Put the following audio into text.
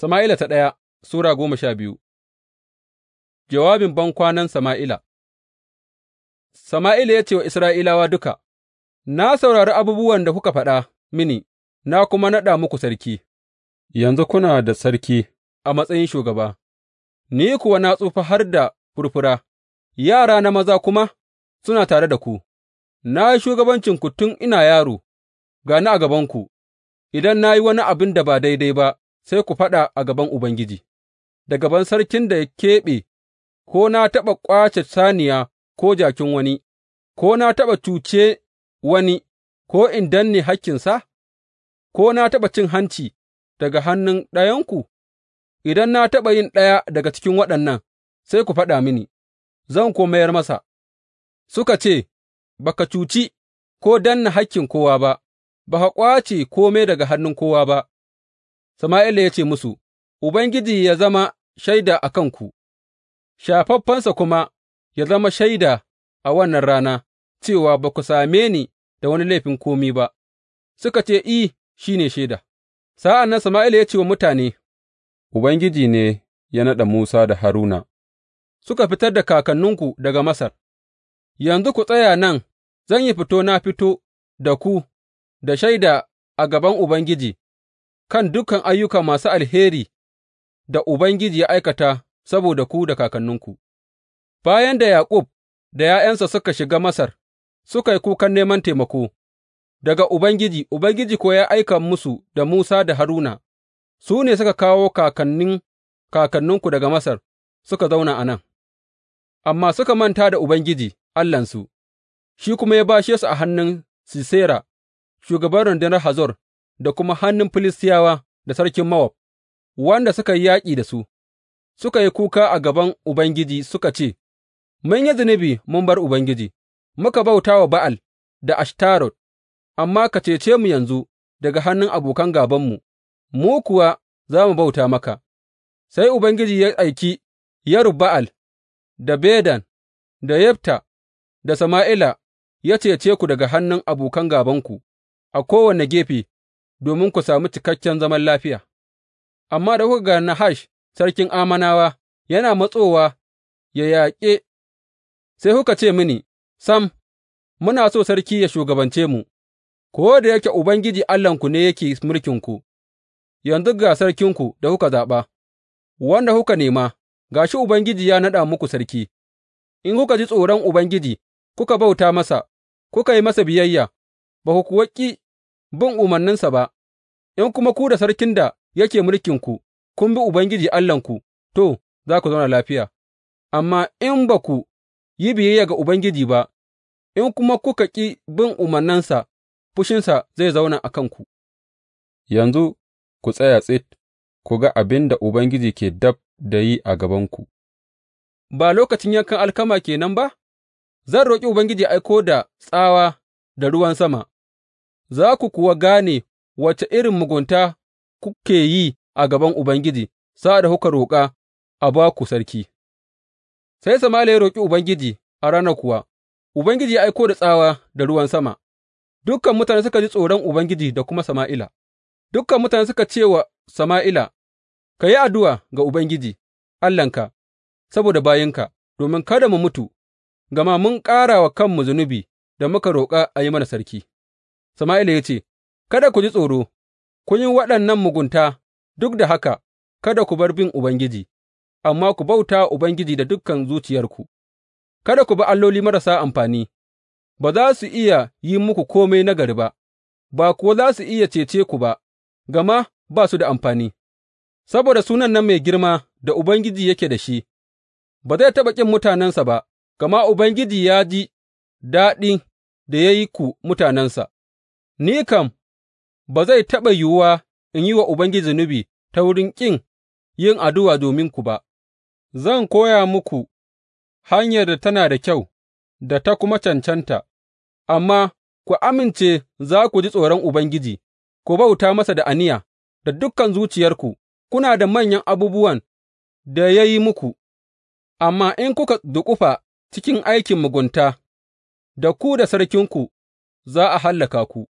Sama'ila ta ɗaya Sura goma sha biyu Jawabin bankwanan Sama'ila Sama'ila ya ce wa Isra'ilawa duka, Na saurari abubuwan da kuka faɗa mini, na kuma naɗa muku sarki, yanzu kuna da sarki a matsayin shugaba, ni kuwa na tsufa har da furfura, yara na maza kuma suna tare da ku, na yi shugabancinku tun ina yaro, ga ni a gabanku, idan na yi wani abin da ba daidai ba. sai ku faɗa a gaban Ubangiji, da gaban sarkin da ya keɓe, ko na taɓa ƙwace saniya ko jakin wani, ko na taɓa cuce wani, ko in danne hakkinsa, ko na taɓa cin hanci daga hannun ɗayanku, idan na taɓa yin ɗaya daga cikin waɗannan, sai ku faɗa mini, zan ko mayar masa. Suka ce, baka cuci ko danna hakkin kowa ba, ba ka ƙwace kome daga hannun kowa ba. Sama'ila ya ce musu, Ubangiji ya zama shaida a kanku, shafaffensa kuma ya zama shaida a wannan rana cewa ba ku same ni da wani laifin komi ba, suka ce, I, shi ne shaida. Sa'an nan Sama'ila ya ce wa mutane, Ubangiji ne ya naɗa Musa da Haruna, suka fitar da kakanninku daga Masar, yanzu ku tsaya nan, zan yi fito na fito da ku da shaida a gaban Ubangiji kan dukan ayyuka masu alheri da Ubangiji ya aikata saboda ku da kakanninku, bayan da Yaƙub da ’ya'yansa suka shiga Masar, suka yi kukan neman taimako daga Ubangiji, Ubangiji ko ya aika musu da Musa da Haruna, su ne suka kawo kakannin kakanninku daga Masar suka zauna a nan, amma suka manta da Ubangiji Allahnsu, shi kuma ya bashe su a hannun Sisera, shugaban rundunar Hazor da kuma hannun Filistiyawa da sarkin Mowab, wanda suka yi yaƙi da su, suka yi kuka a gaban Ubangiji suka ce, Mun yi zunubi mun bar Ubangiji, muka bauta wa Ba'al da Ashtarot, amma ka cece mu yanzu daga hannun abokan gābanmu, mu kuwa za mu bauta maka. Sai Ubangiji ya aiki yaru Ba'al da Bedan da Yefta da Sama'ila ya cece ku daga hannun abokan gābanku a kowane gefe domin ku sami cikakken zaman lafiya, amma da kuka ga Nahash sarkin amanawa yana matsowa ya yaƙe, sai kuka ce mini, Sam, muna so sarki ya shugabance mu, ko da yake Ubangiji Allahnku ne yake mulkinku, yanzu ga sarkinku da kuka zaɓa, wanda kuka nema, ga shi Ubangiji ya naɗa muku sarki, in kuka ji tsoron Ubangiji, kuka bauta masa, kuka yi masa biyayya, ba ku kuwa ƙi bin umarninsa ba, in kuma ku da sarkin da yake mulkinku kun bi Ubangiji Allahnku, to, za ku zauna lafiya, amma in ba ku yi biyayya ga Ubangiji ba, in kuma kuka ƙi bin umarninsa fushinsa zai zauna a kanku. Yanzu ku tsaya tsit, ku ga abin da Ubangiji ke dab da yi a gabanku. Ba lokacin yankan alkama kenan ba? Zan roƙi Ubangiji aiko da tsawa da ruwan sama, za ku kuwa gane wace irin mugunta kuke yi a gaban Ubangiji sa'ad da kuka roƙa a ba ku sarki. Sai Sama'ila ya roƙi Ubangiji a ranar kuwa, Ubangiji ya aiko da tsawa da ruwan sama, dukan mutane suka ji tsoron Ubangiji da kuma Sama'ila, dukan mutane suka ce wa Sama'ila, Ka yi addu'a ga Ubangiji Allahnka saboda bayinka, domin kada mu mutu, gama mun ƙara wa kanmu zunubi da muka roƙa a yi mana sarki. Sama'ila ya ce, Kada ku ji tsoro, kun yi waɗannan mugunta, duk da haka kada ku bar bin Ubangiji, amma ku bauta Ubangiji da dukan zuciyarku, kada ku bi alloli marasa amfani, ba za su iya yi muku kome nagari ba, ba kuwa za su iya cece ku ba, gama ba su da amfani, saboda sunan nan mai girma da Ubangiji yake da shi, ba zai taɓa ƙin mutanensa ba, gama Ubangiji ya ji daɗin da ya yi ku mutanensa. Ni kam, ba zai taɓa yiwuwa in yi wa Ubangiji zunubi ta wurin ƙin yin addu'a dominku ba, zan koya muku hanyar da tana da kyau da ta kuma cancanta, amma ku amince za ku ji tsoron Ubangiji, ku bauta masa da aniya da dukkan zuciyarku, kuna da manyan abubuwan da ya yi muku, amma in kuka duƙufa cikin aikin mugunta, da ku da sarkinku za a hallaka ku.